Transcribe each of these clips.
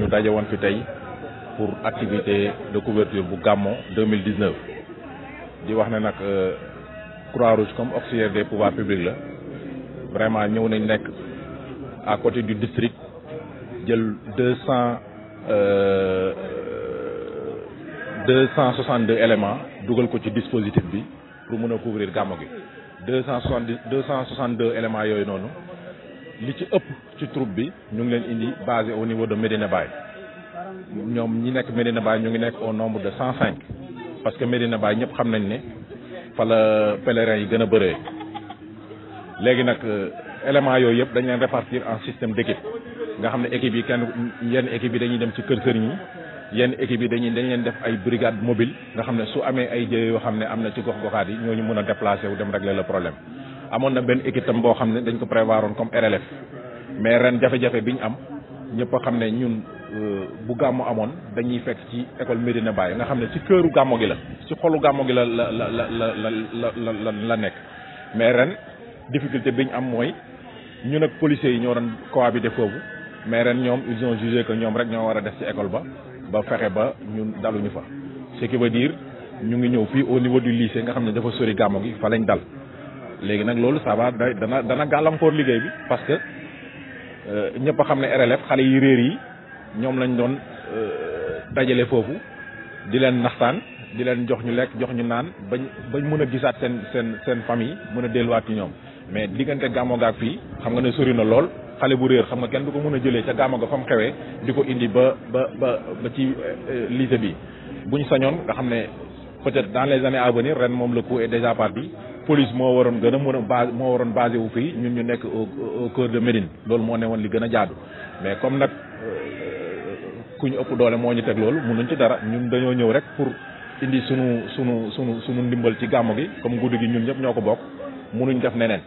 ñu daje woon fi tey pour activité de couverture bu Gammu 2019 di wax na nag euh, Croix-Rouge comme auxiliaire des pouvoirs publics la vraiment ñëw nañ nekk à côté du district jël deux cent euh, deux cent soixante deux éléments dugal ko ci dispositif bi pour mën a couvrir gàmmu gi deux cent soixante deux cent soixante deux éléments yooyu noonu li ci ëpp ci troupe bi ñu ngi leen indi basé au niveau de Médina Baye ñoom ñi nekk Médina Baye ñu ngi nekk au nombre de cent cinq parce que Médina baay ñëpp xam nañ ne fa la pèlerins yi gën a bëree léegi nag euh, éléments yooyu yëpp dañ leen répartir en système d' nga xam ne équipe yi kenn yenn équipe yi dañuy dem ci kër kër ñi yenn équipe yi dañuy dañ leen def ay brigade mobile nga xam ne su amee ay jëye yoo xam ne am na ci gox goxaat yi ñooñu mën a déplacé wu dem régler le problème amoon na benn équipe tam boo xam ne dañ ko prévoir woon comme RLF mais ren jafe-jafe bi ñu am ñëpp a xam ne ñun euh, bu gàmmu amoon dañuy fekk ci école Medina Baye nga xam ne si këru gàmmo gi la si xolu gàmmo gi la la la la la la la la nekk mais ren difficulté bi ñu am mooy ñun ak policiers yi ñoo doon cohabiter foofu mais ren ñoom ils ont jugé que ñoom rek ñoo war a def ci école ba ba fexe ba ñun daluñu fa ce qui veut dire ñu ngi ñëw fii au niveau du lycée nga xam ne dafa sori gàmmo gi fa lañ dal. léegi nag loolu ça va dana dana gàllankoor liggéey bi parce que euh, ñëpp a xam ne RLF xale yi réer yi ñoom lañ doon euh, dajale foofu di leen naxtaan di leen jox ñu lekk jox ñu naan bañ bañ mën a gisaat seen seen seen famille mën a delluwaat ci ñoom mais diggante gàmmo gaak fii xam nga ne sori na lool xale bu réer xam nga kenn du ko mën a jëlee ca gàmmo ga fa xewee di ko indi ba ba ba ci euh, lycée bi buñ sañoon nga xam ne peut-être dans les années à ren moom la coup est déjà parti police moo waroon gën a mën a base moo waroon basé wu fii ñun ñu nekk au cœur de Médine loolu moo ne woon li gën a jaadu mais comme nag euh, ku ñu ëpp doole moo ñu teg loolu mënuñ ci dara ñun dañoo ñëw rek pour indi sunu sunu sunu sunu ndimbal ci gàmmu gi comme guddi gi ñun ñëpp ñoo ko bokk mënuñ def neneen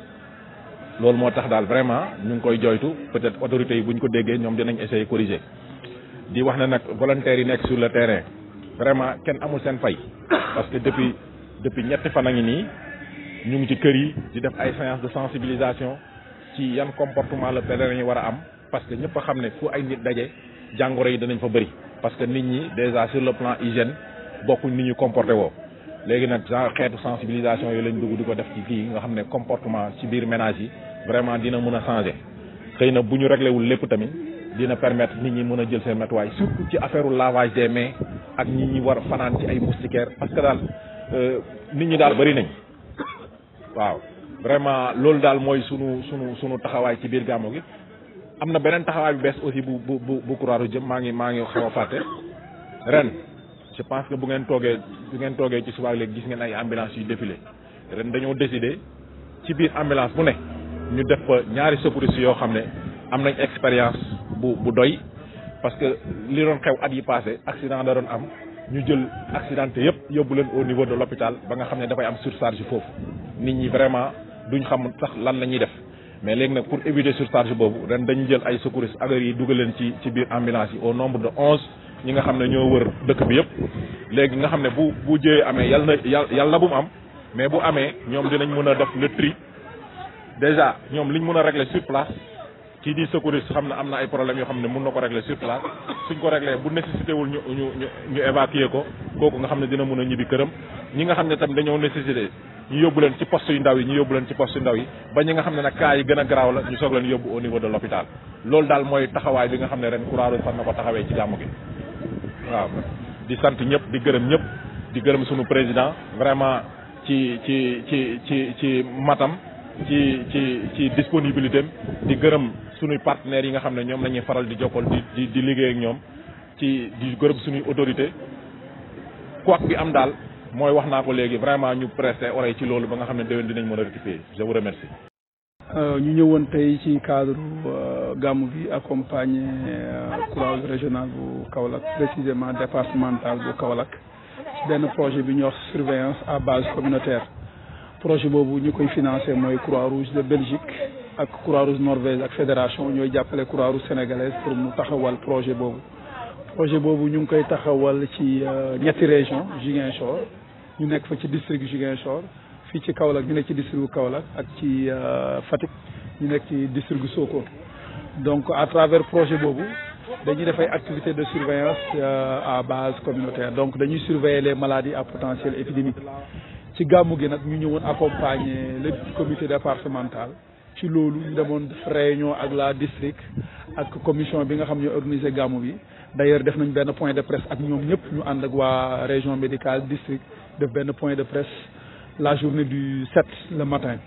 loolu moo tax daal vraiment ñu ngi koy joytu peut-être autorités yi bu ñu ko déggee ñoom dinañ essayer corriger di wax ne nag volontaires yi nekk sur le terrain vraiment kenn amul seen fay parce depuis depuis ñetti fan a ngi nii ñu ngi ci kër yi di def ay séances de sensibilisation ci yan comportement la pèlerin yi war a am parce que ñëpp a xam ne fu ay nit daje jàngoro yi danañ fa bëri parce que nit ñi déjà sur le plan hygiène bokkuñ nit ñu comporté woo léegi nag xeetu sensibilisation yooyu lañ dugg di ko def ci kii nga xam ne comportement ci biir ménage yi vraiment dina mën a changer xëy na bu ñu réglé wul lépp tamit dina permettre nit ñi mën a jël seen matuwaay surtout ci affaire lavage des mains ak ñi ñi war a fanaan ci ay moustiquaires parce que daal euh, nit ñi daal bëri nañ. waaw vraiment loolu daal mooy sunu sunu sunu taxawaay ci biir gàmmu gi am na beneen taxawaay bu bees aussi bu bu bu bu Croix-Rouge jëm maa ngi maa ngi xaw a fàtte ren je pense que bu ngeen toogee bu ngeen toogee ci suba léegi gis ngeen ay ambulance yu défilé ren dañoo décidé ci biir ambulance bu ne ñu def fa ñaari secouristes yoo xam ne am nañ expérience bu bu doy parce que li doon xew at yi passé accident da doon am. ñu jël accidenté yëpp yóbbu leen au niveau de l'hôpital ba nga xam ne dafay am surcharge foofu nit ñi vraiment duñ xam tax lan la ñuy def mais léegi nag pour éviter surcharge boobu ren dañu jël ay secouristes agar yi dugal leen ci ci biir ambulance yi au nombre de onze ñi nga xam ne ñoo wër dëkk bi yëpp léegi nga xam ne bu bu jëyee amee yal na yal na bu mu am mais bu amee ñoom dinañ mën a def le tri déjà ñoom liñ mun a régler sur place kii di secouriste xam ne am na ay problème yoo xam ne mun na ko régler sur place suñ ko régler bu nécessité ñu ñu ñu évacuer ko kooku nga xam ne dina mun a ñibbi këram ñi nga xam ne tam dañoo nécessité ñu yóbbu leen ci post yu ndaw yi ñu yóbbu leen ci poste yu ndaw yi ba ñi nga xam ne nag cas gën a garaaw la ñu soog leen yóbbu au niveau de l'hôpital loolu daal mooy taxawaay bi nga xam ne ren Croix-Rouge fan na ko taxawee ci gàmmu gi waaw di sant ñëpp di gërëm ñëpp di gërëm suñu président vraiment ci ci ci ci ci matam ci ci ci disponibilité di gërëm suñuy partenaires yi nga xam ne ñoom la ñuy faral di jokkal di di liggéey ak ñoom ci di gërëm suñuy autorité kooku bi am daal mooy wax naa ko léegi vraiment ñu prester oreille ci loolu ba nga xam ne déwén dinañ mën a rectifier je vous remercie. Euh, ñu ñëwoon tey ci cadre euh, gàmmu bi accompagné euh, Croix-Rouge régional bu Kaolack précisément départemental bu Kaolack benn projet bi ñuy wax surveillance à base communautaire projet boobu ñu koy financé mooy Croix-Rouge de ak Croix-Rouge Norvège ak fédération ñooy jàppale Croix-Rouge sénégalaise pour mu taxawal projet boobu projet boobu ñu ngi koy taxawal ci euh, ñetti région Ziguinchor ñu nekk fa ci district Ziguinchor fii ci Kaolack ñu nekk ci district Kaolack ak ci euh, Fatick ñu nekk ci district Sokone donc à travers projet boobu dañuy def ay activités de surveillance euh, à base communautaire donc dañuy surveiller maladie maladies à potentiel épidémique ci gàmmu gi nag ñu ñëwoon accompagner le comité départemental ci loolu ñu demoon def réunion ak la district ak commission bi nga xam ne organisé gàmmu bi d'ailleurs def nañ benn point de presse ak ñoom ñëpp ñu ànd ak waa région médicale district def benn point de presse la journée du 7 le matin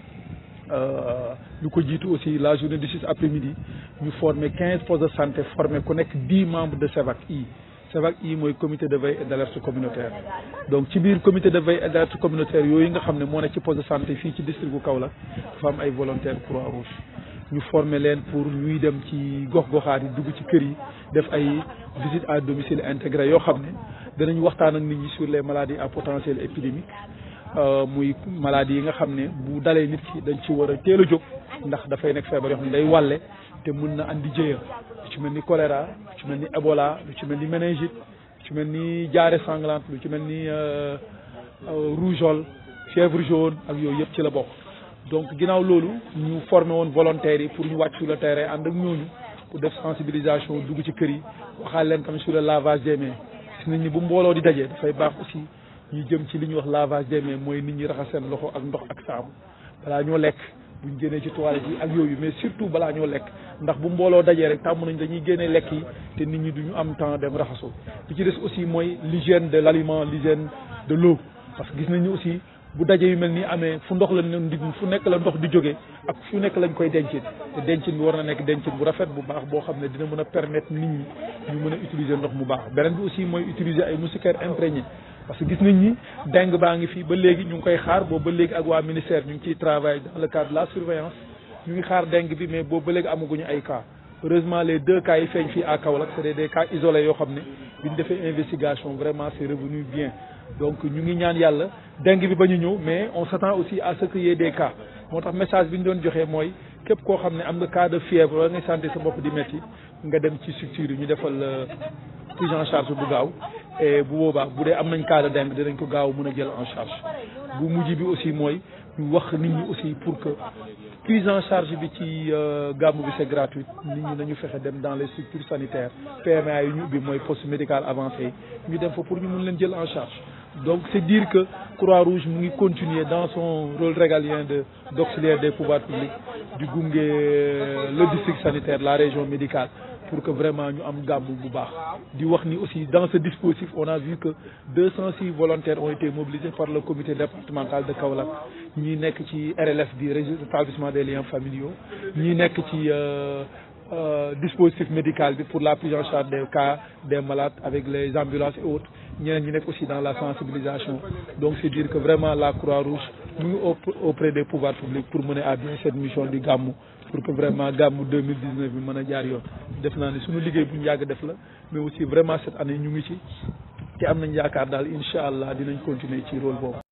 euh, lu ko jiitu aussi la journée du 6 après midi ñu forme quinze postes de santé formé ku nekk dix membre de SEVAC yi SEVAC yi mooy comité de veille et d' alerte communautaire donc ci biir comité de veille et d' alerte communautaire yooyu nga xam ne moo nekk ci poste de santé fii ci district bu Kaolack dafa am ay volontaire croix rouge ñu former leen pour ñuy dem ci gox-goxaat yi dugg ci kër yi def ay visite à domicile intégré yoo xam ne danañ waxtaan ak nit ñi sur les maladies à potentiel épidémique euh, muy maladie yi nga xam ne bu dalee nit ci dañ ci war a teel a jóg ndax dafay nekk feebar yoo xam ne day wàlle te mën na andi jëya ci mel ni choléra lu ci mel ni Ebola lu ci mel ni méningite lu ci mel ni diarrhée sanglante lu ci mel ni euh, euh, rougeole fièvre jaune ak yooyu yëpp ci la bokk. donc ginnaaw loolu ñu formé woon volontaires yi pour ñu wàcc sur le terrain ànd ak ñooñu pour def sensibilisation dugg ci kër yi waxaale leen tamit su le lavage des mains nit ñi bu mbooloo di dajee dafay baax aussi ñu jëm ci li ñuy wax lavage des mains mooy nit ñi raxas seen loxo ak ndox ak saabu balaa ñoo lekk. buñ génnee ci toilette yi ak yooyu mais surtout balaa ñoo lekk ndax bu mbooloo dajee rek tàmm nañ dañuy génnee lekk yi te nit ñi duñu am temps dem raxasu li ci des aussi mooy l'hygiène de l'aliment l'hygiène de l'eau parce que gis nañu aussi bu daje yu mel ni amee fu ndox la ndig fu nekk la ndox di jóge ak fu nekk lañ koy dencin te dencin bi war na nekk dencin bu rafet bu baax boo xam ne dina mën a permettre nit ñi ñu mën a utiliser ndox mu baax beneen bi aussi mooy utiliser ay moustiquaires imprégnées parce que gis nañ ni dengue baa ngi fii ba léegi ñu ngi koy xaar boobu ba léegi ak waa ministère ñu ngi ciy travail dans le cadre de la surveillance ñu ngi xaar dengue bi mais boobu ba léegi amaguñu ay cas heureusement les deux cas yi feeñ fii à Kaolack c'est des cas isolés yoo xam ne bi ñu defee investigation vraiment c'est revenu bien donc ñu ngi ñaan yàlla dengue bi ba ñu ñëw mais on s'attend aussi à ce qu'il y ait des cas moo tax message bi ñu doon joxee mooy képp koo xam ne am nga cas de fièvre wala ngay di métti nga dem ci structure yi ñu defal euh, prise en charge bu gaaw et bu boobaa bu dee am nañ cas de dengue ko gaaw mun a jël en charge bu mujj bi aussi mooy ñu wax nit ñi aussi pour que prise en charge bi ci euh, gàmmu bi c'est gratuite nit ñi nañu fexe dem dans les structures sanitaire PMA yi ñu ubbi mooy poste médical avancé ñu dem fa pour ñu mën leen jël en charge donc c'est dire que Croix-Rouge mu ngi continuer dans son rôle régalien de d'auxiliaire des pouvoirs publics di gunge euh, le district sanitaire la région médicale pour que vraiment ñu am gàmmu bu baax di wax ni aussi dans ce dispositif on a vu que deux cent six volontaires ont été mobilisés par le comité départemental de Kaolack ñi nekk ci RLF bi établissement des liens familiaux ñi nekk ci euh, Euh, dispositif médical bi pour la prise en charge des cas des malades avec les ambulances et autres ñi nekk aussi dans la sensibilisation donc c'est dire que vraiment la Croix-Rouge mu ngi auprès des pouvoirs publics pour mener à bien cette mission du gàmmu pour que vraiment gàmmu 2019 bi mën a jaar yoon def naa ne suñu liggéey bu ñu yàgg def la mais aussi vraiment cette année ñu ngi ci te am nañ yaakaar daal incha allah dinañ continuer ci rôle boobu